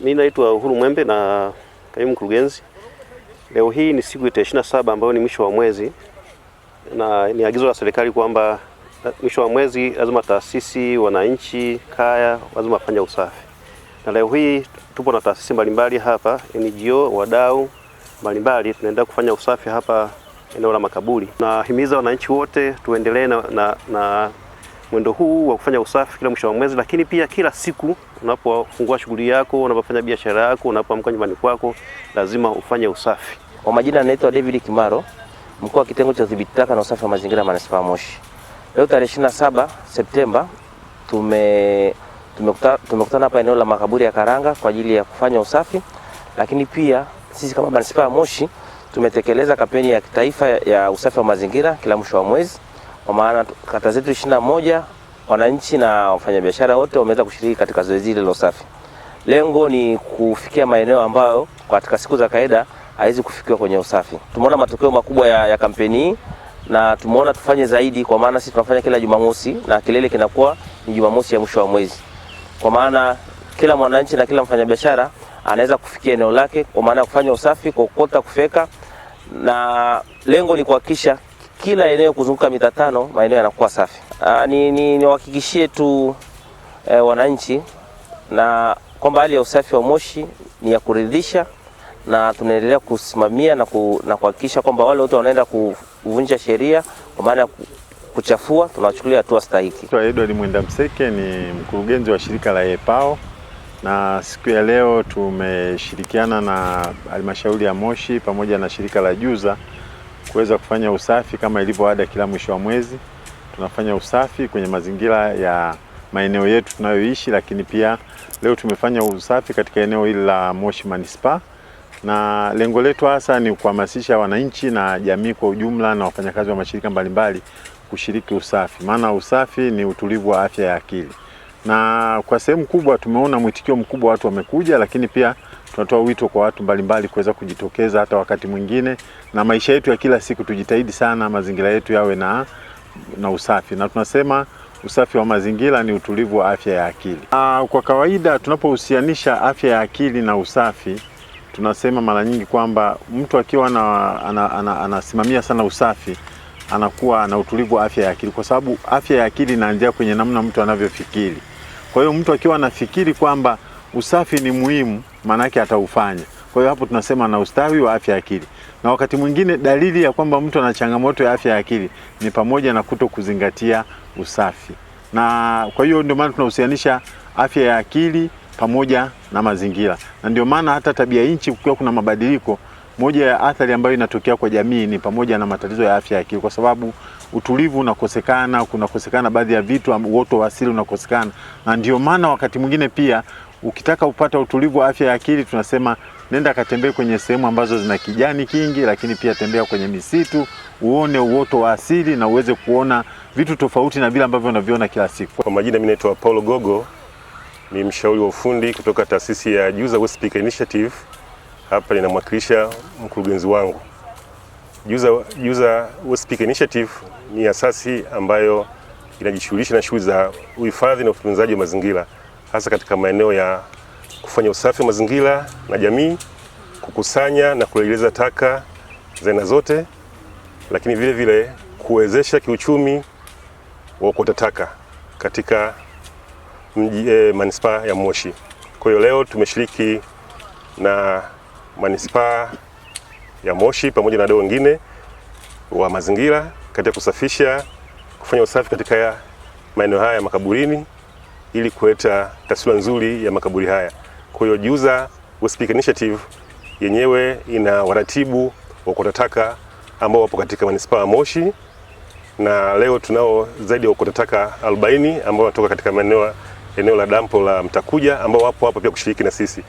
Mimi naitwa Uhuru Mwembe na kaimu mkurugenzi. Leo hii ni siku ya saba ambayo ni mwisho wa mwezi, na ni agizo la serikali kwamba mwisho wa mwezi lazima taasisi, wananchi, kaya lazima wafanya usafi, na leo hii tupo na taasisi mbalimbali hapa, NGO, wadau mbalimbali, tunaendelea kufanya usafi hapa eneo la makaburi. Nahimiza wananchi wote tuendelee na, na, na mwendo huu wa kufanya usafi kila mwisho wa mwezi, lakini pia kila siku unapofungua shughuli yako, unapofanya biashara yako, unapoamka nyumbani kwako, lazima ufanye usafi. Kwa majina anaitwa David Kimaro, mkuu wa kitengo cha udhibiti taka na usafi wa mazingira manispaa Moshi. Leo tarehe 27 Septemba tume tumekutana tumekutana hapa eneo la makaburi ya Karanga kwa ajili ya kufanya usafi, lakini pia sisi kama manispaa Moshi tumetekeleza kampeni ya kitaifa ya usafi wa mazingira kila mwisho wa mwezi kwa maana kata zetu ishirini na moja wananchi na wafanyabiashara wote wameweza kushiriki katika zoezi hili la usafi. Lengo ni kufikia maeneo ambayo katika siku za kawaida haiwezi kufikiwa kwenye usafi. Tumeona matokeo makubwa ya, ya kampeni hii na tumeona tufanye zaidi, kwa maana sisi tunafanya kila Jumamosi na kilele kinakuwa ni Jumamosi ya mwisho wa mwezi, kwa maana kila mwananchi na kila mfanyabiashara anaweza kufikia eneo lake, kwa maana ya kufanya usafi, kuokota, kufeka, na lengo ni kuhakikisha kila eneo kuzunguka mita tano maeneo yanakuwa safi. Niwahakikishie ni, ni tu e, wananchi na kwamba hali ya usafi wa Moshi ni ya kuridhisha na tunaendelea kusimamia na kuhakikisha kwamba wale wote wanaenda kuvunja sheria kwa maana ya kuchafua tunawachukulia hatua stahiki. Edward Mwenda Mseke ni mkurugenzi wa shirika la EPAO na siku ya leo tumeshirikiana na halmashauri ya Moshi pamoja na shirika la Juza kuweza kufanya usafi kama ilivyo ada, kila mwisho wa mwezi tunafanya usafi kwenye mazingira ya maeneo yetu tunayoishi, lakini pia leo tumefanya usafi katika eneo hili la Moshi Manispaa, na lengo letu hasa ni kuhamasisha wananchi na jamii kwa ujumla na wafanyakazi wa mashirika mbalimbali kushiriki usafi, maana usafi ni utulivu wa afya ya akili, na kwa sehemu kubwa tumeona mwitikio mkubwa, watu wamekuja, lakini pia tunatoa wito kwa watu mbalimbali kuweza kujitokeza hata wakati mwingine, na maisha yetu ya kila siku tujitahidi sana mazingira yetu yawe na, na usafi, na tunasema usafi wa mazingira ni utulivu wa afya ya akili. Aa, kwa kawaida tunapohusianisha afya ya akili na usafi tunasema mara nyingi kwamba mtu akiwa anasimamia sana usafi anakuwa na utulivu wa afya ya akili, kwa sababu afya ya akili inaanzia kwenye namna mtu anavyofikiri. Kwa hiyo mtu akiwa anafikiri kwamba usafi ni muhimu maanake ataufanya. Kwa hiyo hapo tunasema na ustawi wa afya ya akili. Na wakati mwingine dalili ya kwamba mtu ana changamoto ya afya ya akili ni pamoja na kuto kuzingatia usafi, na kwa hiyo ndio maana tunahusianisha afya ya akili pamoja na mazingira, na ndio maana hata tabia nchi kukiwa kuna mabadiliko, moja ya athari ambayo inatokea kwa jamii ni pamoja na matatizo ya afya ya akili, kwa sababu utulivu unakosekana, kunakosekana baadhi ya vitu, uoto wa asili unakosekana, na ndio maana wakati mwingine pia Ukitaka upata utulivu wa afya ya akili, tunasema nenda katembee kwenye sehemu ambazo zina kijani kingi, lakini pia tembea kwenye misitu uone uoto wa asili na uweze kuona vitu tofauti na vile ambavyo unaviona kila siku. Kwa majina, mimi naitwa Paulo Gogo, ni mshauri wa ufundi kutoka taasisi ya Juza West Speaker Initiative. Hapa ninamwakilisha mkurugenzi wangu. Juza, Juza West Speaker Initiative ni asasi ambayo inajishughulisha na shughuli za uhifadhi na utunzaji wa mazingira hasa katika maeneo ya kufanya usafi wa mazingira na jamii, kukusanya na kurejeleza taka za aina zote, lakini vile vile kuwezesha kiuchumi wa ukota taka katika mji e, manispaa ya Moshi. Kwa hiyo leo tumeshiriki na manispaa ya Moshi pamoja na wadau wengine wa mazingira katika kusafisha, kufanya usafi katika maeneo haya ya makaburini ili kuleta taswira nzuri ya makaburi haya. Kwa hiyo Juza Waste Initiative yenyewe ina waratibu wa taka ambao wapo katika manispaa ya Moshi, na leo tunao zaidi ya waokota taka 40 ambao wanatoka katika maeneo eneo la dampo la Mtakuja ambao wapo hapa pia kushiriki na sisi.